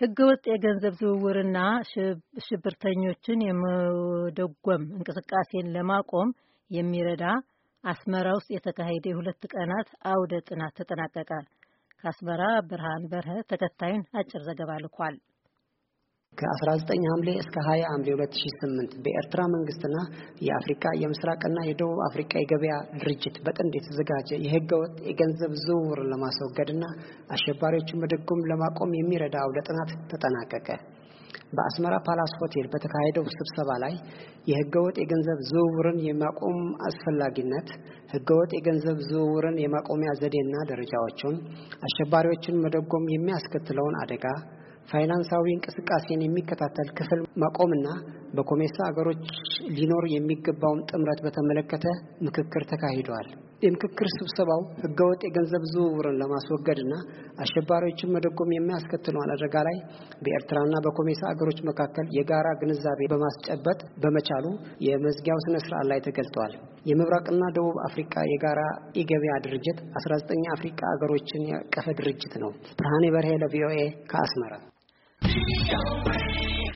ህገወጥ የገንዘብ ዝውውርና ሽብርተኞችን የመደጎም እንቅስቃሴን ለማቆም የሚረዳ አስመራ ውስጥ የተካሄደ የሁለት ቀናት አውደ ጥናት ተጠናቀቀ። ከአስመራ ብርሃን በርሀ ተከታዩን አጭር ዘገባ ልኳል። ከ19 ሐምሌ እስከ 20 ሐምሌ 2008 በኤርትራ መንግስትና የአፍሪካ የምስራቅና የደቡብ አፍሪካ የገበያ ድርጅት በጥንድ የተዘጋጀ የህገወጥ የገንዘብ ዝውውርን ለማስወገድና አሸባሪዎችን መደጎም ለማቆም የሚረዳ አውደ ጥናት ተጠናቀቀ። በአስመራ ፓላስ ሆቴል በተካሄደው ስብሰባ ላይ የህገወጥ የገንዘብ ዝውውርን የማቆም አስፈላጊነት፣ ህገወጥ የገንዘብ ዝውውርን የማቆሚያ ዘዴና ደረጃዎቹን፣ አሸባሪዎችን መደጎም የሚያስከትለውን አደጋ ፋይናንሳዊ እንቅስቃሴን የሚከታተል ክፍል ማቆምና በኮሜሳ አገሮች ሊኖር የሚገባውን ጥምረት በተመለከተ ምክክር ተካሂደዋል። የምክክር ስብሰባው ህገወጥ የገንዘብ ዝውውርን ለማስወገድና አሸባሪዎችን መደጎም የሚያስከትለውን አደጋ ላይ በኤርትራና በኮሜሳ አገሮች መካከል የጋራ ግንዛቤ በማስጨበጥ በመቻሉ የመዝጊያው ስነ ስርዓት ላይ ተገልጠዋል። የምብራቅና ደቡብ አፍሪካ የጋራ የገበያ ድርጅት 19 አፍሪካ አገሮችን ያቀፈ ድርጅት ነው። ብርሃኔ በርሄ ለቪኦኤ ከአስመራ Don't